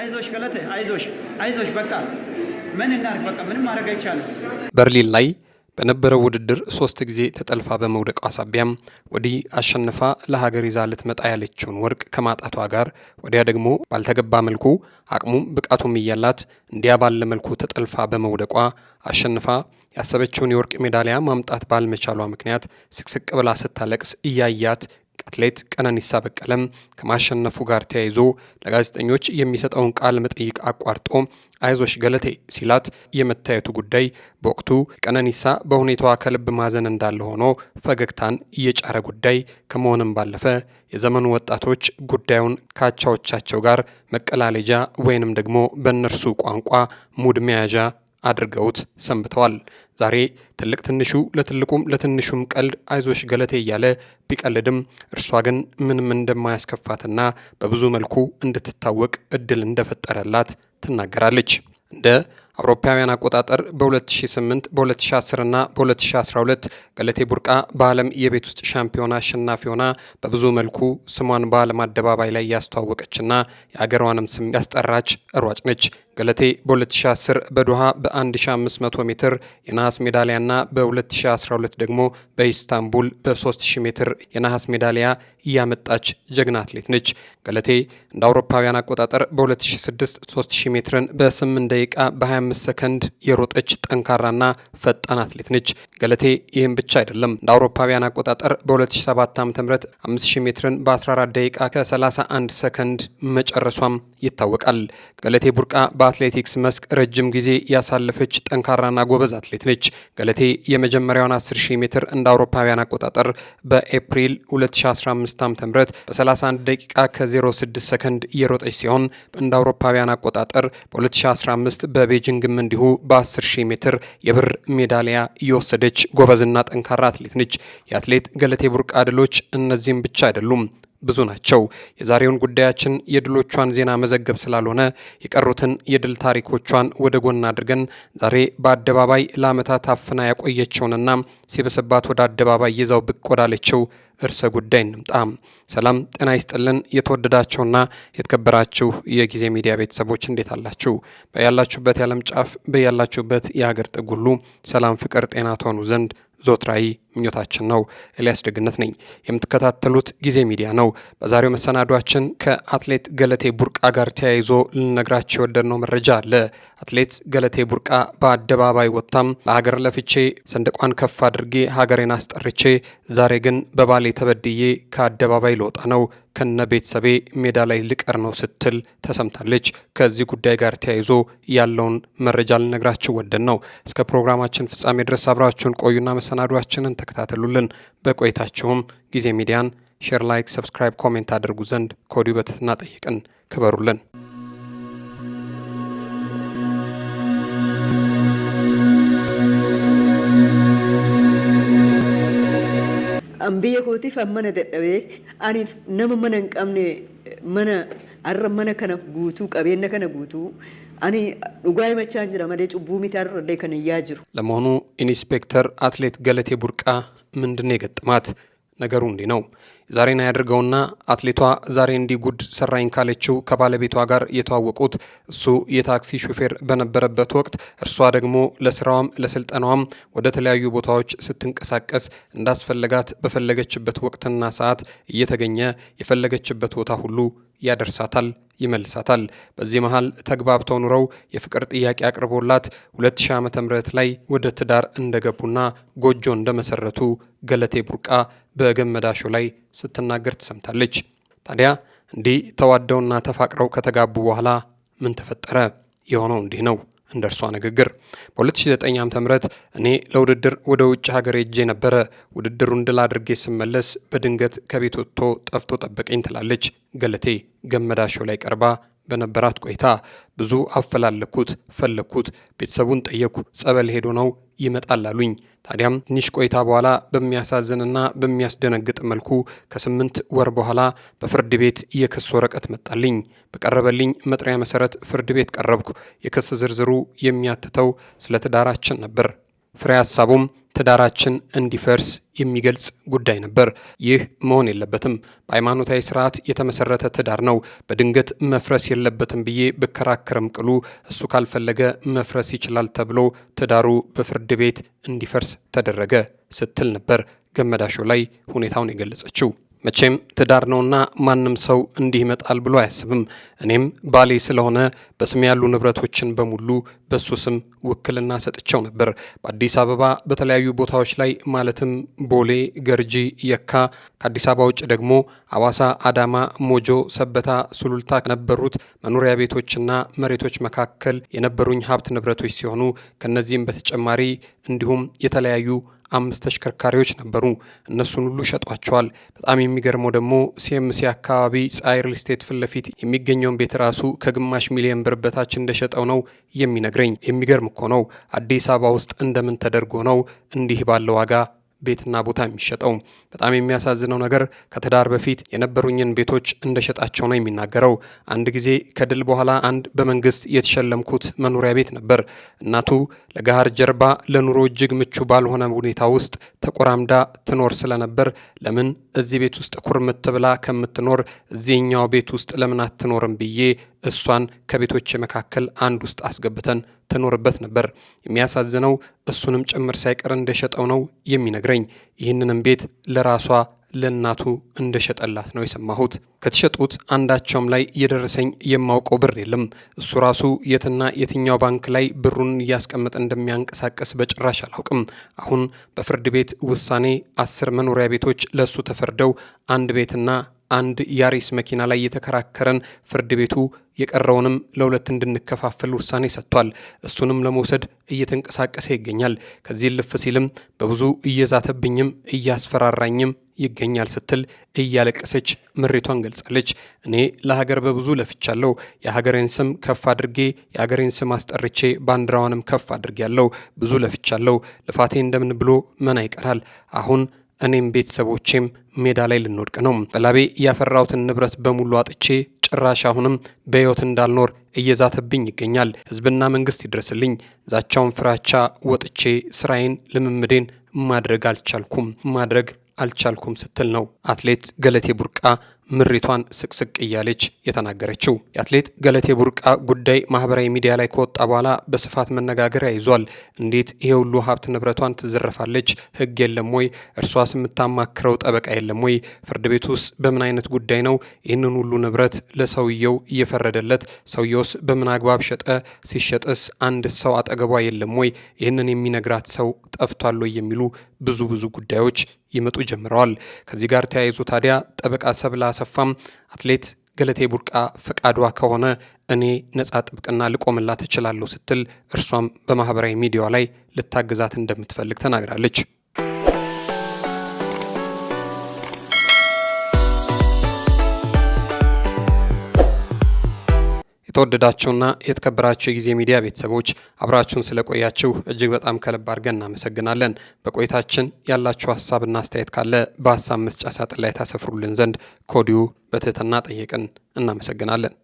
አይዞሽ ገለቴ አይዞሽ አይዞሽ፣ በቃ ምን በቃ ምንም ማድረግ አይቻልም። በርሊን ላይ በነበረው ውድድር ሶስት ጊዜ ተጠልፋ በመውደቋ ሳቢያም ወዲህ አሸንፋ ለሀገር ይዛ ልትመጣ ያለችውን ወርቅ ከማጣቷ ጋር ወዲያ ደግሞ ባልተገባ መልኩ አቅሙም ብቃቱም እያላት እንዲያ ባለ መልኩ ተጠልፋ በመውደቋ አሸንፋ ያሰበችውን የወርቅ ሜዳሊያ ማምጣት ባልመቻሏ ምክንያት ስቅስቅ ብላ ስታለቅስ እያያት አትሌት ቀነኒሳ በቀለም ከማሸነፉ ጋር ተያይዞ ለጋዜጠኞች የሚሰጠውን ቃለ መጠይቅ አቋርጦ አይዞሽ ገለቴ ሲላት የመታየቱ ጉዳይ በወቅቱ ቀነኒሳ በሁኔታዋ ከልብ ማዘን እንዳለ ሆኖ ፈገግታን እየጫረ ጉዳይ ከመሆንም ባለፈ የዘመኑ ወጣቶች ጉዳዩን ካቻዎቻቸው ጋር መቀላለጃ ወይንም ደግሞ በእነርሱ ቋንቋ ሙድ መያዣ አድርገውት ሰንብተዋል። ዛሬ ትልቅ ትንሹ ለትልቁም ለትንሹም ቀልድ አይዞሽ ገለቴ እያለ ቢቀልድም እርሷ ግን ምንም እንደማያስከፋትና በብዙ መልኩ እንድትታወቅ እድል እንደፈጠረላት ትናገራለች። እንደ አውሮፓውያን አቆጣጠር በ2008 በ2010 እና በ2012 ገለቴ ቡርቃ በዓለም የቤት ውስጥ ሻምፒዮና አሸናፊ ሆና በብዙ መልኩ ስሟን በዓለም አደባባይ ላይ ያስተዋወቀችና የአገሯንም ስም ያስጠራች ሯጭ ነች። ገለቴ በ2010 በዱሃ በ1500 ሜትር የነሐስ ሜዳሊያና በ2012 ደግሞ በኢስታንቡል በ3000 ሜትር የነሐስ ሜዳሊያ እያመጣች ጀግና አትሌት ነች። ገለቴ እንደ አውሮፓውያን አቆጣጠር በ2006 3000 ሜትርን በ8 ደቂቃ በ25 ሰከንድ የሮጠች ጠንካራና ፈጣን አትሌት ነች። ገለቴ ይህም ብቻ አይደለም። እንደ አውሮፓውያን አቆጣጠር በ2007 ዓ.ም 5000 ሜትርን በ14 ደቂቃ ከ31 ሰከንድ መጨረሷም ይታወቃል። ገለቴ ቡርቃ በአትሌቲክስ መስክ ረጅም ጊዜ ያሳለፈች ጠንካራና ጎበዝ አትሌት ነች። ገለቴ የመጀመሪያውን 10,000 ሜትር እንደ አውሮፓውያን አቆጣጠር በኤፕሪል 2015 ዓ.ም በ31 ደቂቃ ከ06 ሰከንድ የሮጠች ሲሆን እንደ አውሮፓውያን አቆጣጠር በ2015 በቤጂንግም እንዲሁ በ10,000 ሜትር የብር ሜዳሊያ የወሰደች ጎበዝና ጠንካራ አትሌት ነች። የአትሌት ገለቴ ቡርቃ ድሎች እነዚህም ብቻ አይደሉም። ብዙ ናቸው። የዛሬውን ጉዳያችን የድሎቿን ዜና መዘገብ ስላልሆነ የቀሩትን የድል ታሪኮቿን ወደ ጎን አድርገን ዛሬ በአደባባይ ለዓመታት አፍና ያቆየችውንና ሲበስባት ወደ አደባባይ ይዛው ብቅ ወዳለችው እርሰ ጉዳይ እንምጣ። ሰላም ጤና ይስጥልን። የተወደዳችሁና የተከበራችሁ የጊዜ ሚዲያ ቤተሰቦች እንዴት አላችሁ? በያላችሁበት የዓለም ጫፍ በያላችሁበት የሀገር ጥግ ሁሉ ሰላም፣ ፍቅር፣ ጤና ትሆኑ ዘንድ ዞትራዊ ምኞታችን ነው። ኤልያስ ደግነት ነኝ። የምትከታተሉት ጊዜ ሚዲያ ነው። በዛሬው መሰናዷችን ከአትሌት ገለቴ ቡርቃ ጋር ተያይዞ ልነግራችሁ የወደድነው መረጃ አለ። አትሌት ገለቴ ቡርቃ በአደባባይ ወጥታም ለሀገር ለፍቼ ሰንደቋን ከፍ አድርጌ ሀገሬን አስጠርቼ ዛሬ ግን በባሌ ተበድዬ ከአደባባይ ልወጣ ነው ከነ ቤተሰቤ ሜዳ ላይ ልቀር ነው ስትል ተሰምታለች። ከዚህ ጉዳይ ጋር ተያይዞ ያለውን መረጃ ልነግራችሁ ወደን ነው። እስከ ፕሮግራማችን ፍጻሜ ድረስ አብራችሁን ቆዩና መሰናዷችንን ተከታተሉልን። በቆይታችሁም ጊዜ ሚዲያን ሼር፣ ላይክ፣ ሰብስክራይብ፣ ኮሜንት አድርጉ ዘንድ ከወዲሁ በትህትና ጠይቅን። ክበሩልን። kan biyya kootiif mana dadhabee ani nama mana hin qabne mana arra mana kana guutuu qabeenya kana guutuu ani dhugaa himachaa jira malee cubbuu mitaa irra illee kan hin yaa jiru። Lamoonuu ኢንስፔክተር Atileet Galatee Burqaa ምንድን Gaxxamaati. ነገሩ እንዲህ ነው። ዛሬን ያድርገውና አትሌቷ ዛሬ እንዲህ ጉድ ሰራኝ ካለችው ከባለቤቷ ጋር የተዋወቁት እሱ የታክሲ ሹፌር በነበረበት ወቅት እርሷ ደግሞ ለስራዋም ለስልጠናዋም ወደ ተለያዩ ቦታዎች ስትንቀሳቀስ እንዳስፈለጋት በፈለገችበት ወቅትና ሰዓት እየተገኘ የፈለገችበት ቦታ ሁሉ ያደርሳታል ይመልሳታል። በዚህ መሃል ተግባብተው ኑረው የፍቅር ጥያቄ አቅርቦላት 2000 ዓ ም ላይ ወደ ትዳር እንደገቡና ጎጆ እንደመሰረቱ ገለቴ ቡርቃ በገመዳሾ ላይ ስትናገር ትሰምታለች። ታዲያ እንዲህ ተዋደውና ተፋቅረው ከተጋቡ በኋላ ምን ተፈጠረ? የሆነው እንዲህ ነው። እንደ እርሷ ንግግር በ2009 ዓ ም እኔ ለውድድር ወደ ውጭ ሀገር ሄጄ ነበረ። ውድድሩን ድል አድርጌ ስመለስ በድንገት ከቤት ወጥቶ ጠፍቶ ጠበቀኝ ትላለች ገለቴ ገመዳሸው ላይ ቀርባ በነበራት ቆይታ። ብዙ አፈላለኩት፣ ፈለግኩት፣ ቤተሰቡን ጠየኩ፣ ጸበል ሄዶ ነው ይመጣል አሉኝ። ታዲያም ትንሽ ቆይታ በኋላ በሚያሳዝንና በሚያስደነግጥ መልኩ ከስምንት ወር በኋላ በፍርድ ቤት የክስ ወረቀት መጣልኝ። በቀረበልኝ መጥሪያ መሰረት ፍርድ ቤት ቀረብኩ። የክስ ዝርዝሩ የሚያትተው ስለ ትዳራችን ነበር። ፍሬ ሀሳቡም ትዳራችን እንዲፈርስ የሚገልጽ ጉዳይ ነበር። ይህ መሆን የለበትም። በሃይማኖታዊ ስርዓት የተመሰረተ ትዳር ነው፣ በድንገት መፍረስ የለበትም ብዬ ብከራከርም ቅሉ እሱ ካልፈለገ መፍረስ ይችላል ተብሎ ትዳሩ በፍርድ ቤት እንዲፈርስ ተደረገ ስትል ነበር ገመዳሾ ላይ ሁኔታውን የገለጸችው። መቼም ትዳር ነውና ማንም ሰው እንዲህ ይመጣል ብሎ አያስብም። እኔም ባሌ ስለሆነ በስም ያሉ ንብረቶችን በሙሉ በሱ ስም ውክልና ሰጥቸው ነበር። በአዲስ አበባ በተለያዩ ቦታዎች ላይ ማለትም ቦሌ፣ ገርጂ፣ የካ ከአዲስ አበባ ውጭ ደግሞ አዋሳ፣ አዳማ፣ ሞጆ፣ ሰበታ፣ ሱሉልታ ከነበሩት መኖሪያ ቤቶችና መሬቶች መካከል የነበሩኝ ሀብት ንብረቶች ሲሆኑ ከነዚህም በተጨማሪ እንዲሁም የተለያዩ አምስት ተሽከርካሪዎች ነበሩ። እነሱን ሁሉ ሸጧቸዋል። በጣም የሚገርመው ደግሞ ሲኤምሲ አካባቢ ፀሐይ ሪል ስቴት ፊት ለፊት የሚገኘውን ቤት ራሱ ከግማሽ ሚሊዮን ብር በታች እንደሸጠው ነው የሚነግረኝ። የሚገርም እኮ ነው። አዲስ አበባ ውስጥ እንደምን ተደርጎ ነው እንዲህ ባለ ዋጋ ቤትና ቦታ የሚሸጠው። በጣም የሚያሳዝነው ነገር ከትዳር በፊት የነበሩኝን ቤቶች እንደሸጣቸው ነው የሚናገረው። አንድ ጊዜ ከድል በኋላ አንድ በመንግስት የተሸለምኩት መኖሪያ ቤት ነበር። እናቱ ለገሃር ጀርባ ለኑሮ እጅግ ምቹ ባልሆነ ሁኔታ ውስጥ ተቆራምዳ ትኖር ስለነበር ለምን እዚህ ቤት ውስጥ ኩርምት ብላ ከምትኖር እዚህኛው ቤት ውስጥ ለምን አትኖርም ብዬ እሷን ከቤቶች መካከል አንድ ውስጥ አስገብተን ትኖርበት ነበር። የሚያሳዝነው እሱንም ጭምር ሳይቀር እንደሸጠው ነው የሚነግረኝ። ይህንንም ቤት ለራሷ ለእናቱ እንደሸጠላት ነው የሰማሁት። ከተሸጡት አንዳቸውም ላይ የደረሰኝ የማውቀው ብር የለም። እሱ ራሱ የትና የትኛው ባንክ ላይ ብሩን እያስቀመጠ እንደሚያንቀሳቀስ በጭራሽ አላውቅም። አሁን በፍርድ ቤት ውሳኔ አስር መኖሪያ ቤቶች ለእሱ ተፈርደው አንድ ቤትና አንድ ያሬስ መኪና ላይ የተከራከረን ፍርድ ቤቱ የቀረውንም ለሁለት እንድንከፋፈል ውሳኔ ሰጥቷል። እሱንም ለመውሰድ እየተንቀሳቀሰ ይገኛል። ከዚህ ልፍ ሲልም በብዙ እየዛተብኝም እያስፈራራኝም ይገኛል ስትል እያለቀሰች ምሬቷን ገልጻለች። እኔ ለሀገር በብዙ ለፍቻለሁ። የሀገሬን ስም ከፍ አድርጌ የሀገሬን ስም አስጠርቼ ባንዲራዋንም ከፍ አድርጌያለሁ። ብዙ ለፍቻለሁ። ልፋቴ እንደምን ብሎ መና ይቀራል አሁን እኔም ቤተሰቦቼም ሜዳ ላይ ልንወድቅ ነው። ጠላቤ ያፈራሁትን ንብረት በሙሉ አጥቼ ጭራሽ አሁንም በሕይወት እንዳልኖር እየዛተብኝ ይገኛል። ሕዝብና መንግስት ይድረስልኝ። ዛቻውን ፍራቻ ወጥቼ ስራዬን፣ ልምምዴን ማድረግ አልቻልኩም ማድረግ አልቻልኩም ስትል ነው አትሌት ገለቴ ቡርቃ ምሪቷን ስቅስቅ እያለች የተናገረችው። የአትሌት ገለቴ ቡርቃ ጉዳይ ማህበራዊ ሚዲያ ላይ ከወጣ በኋላ በስፋት መነጋገሪያ ይዟል። እንዴት ይሄ ሁሉ ሀብት ንብረቷን ትዘረፋለች? ህግ የለም ወይ? እርሷስ የምታማክረው ጠበቃ የለም ወይ? ፍርድ ቤት ውስጥ በምን አይነት ጉዳይ ነው ይህንን ሁሉ ንብረት ለሰውየው እየፈረደለት? ሰውየውስ በምን አግባብ ሸጠ? ሲሸጥስ አንድ ሰው አጠገቧ የለም ወይ? ይህንን የሚነግራት ሰው ጠፍቷል ወይ? የሚሉ ብዙ ብዙ ጉዳዮች ይመጡ ጀምረዋል። ከዚህ ጋር ተያይዞ ታዲያ ጠበቃ ሰብላ አሰፋም አትሌት ገለቴ ቡርቃ ፈቃዷ ከሆነ እኔ ነጻ ጥብቅና ልቆምላት እችላለሁ ስትል እርሷም በማህበራዊ ሚዲያዋ ላይ ልታግዛት እንደምትፈልግ ተናግራለች። የተወደዳቸውና የተከበራቸው የጊዜ ሚዲያ ቤተሰቦች አብራችሁን ስለቆያችሁ እጅግ በጣም ከልብ አድርገን እናመሰግናለን። በቆይታችን ያላችሁ ሀሳብና አስተያየት ካለ በሀሳብ መስጫ ሳጥን ላይ ታሰፍሩልን ዘንድ ከወዲሁ በትህትና ጠየቅን። እናመሰግናለን።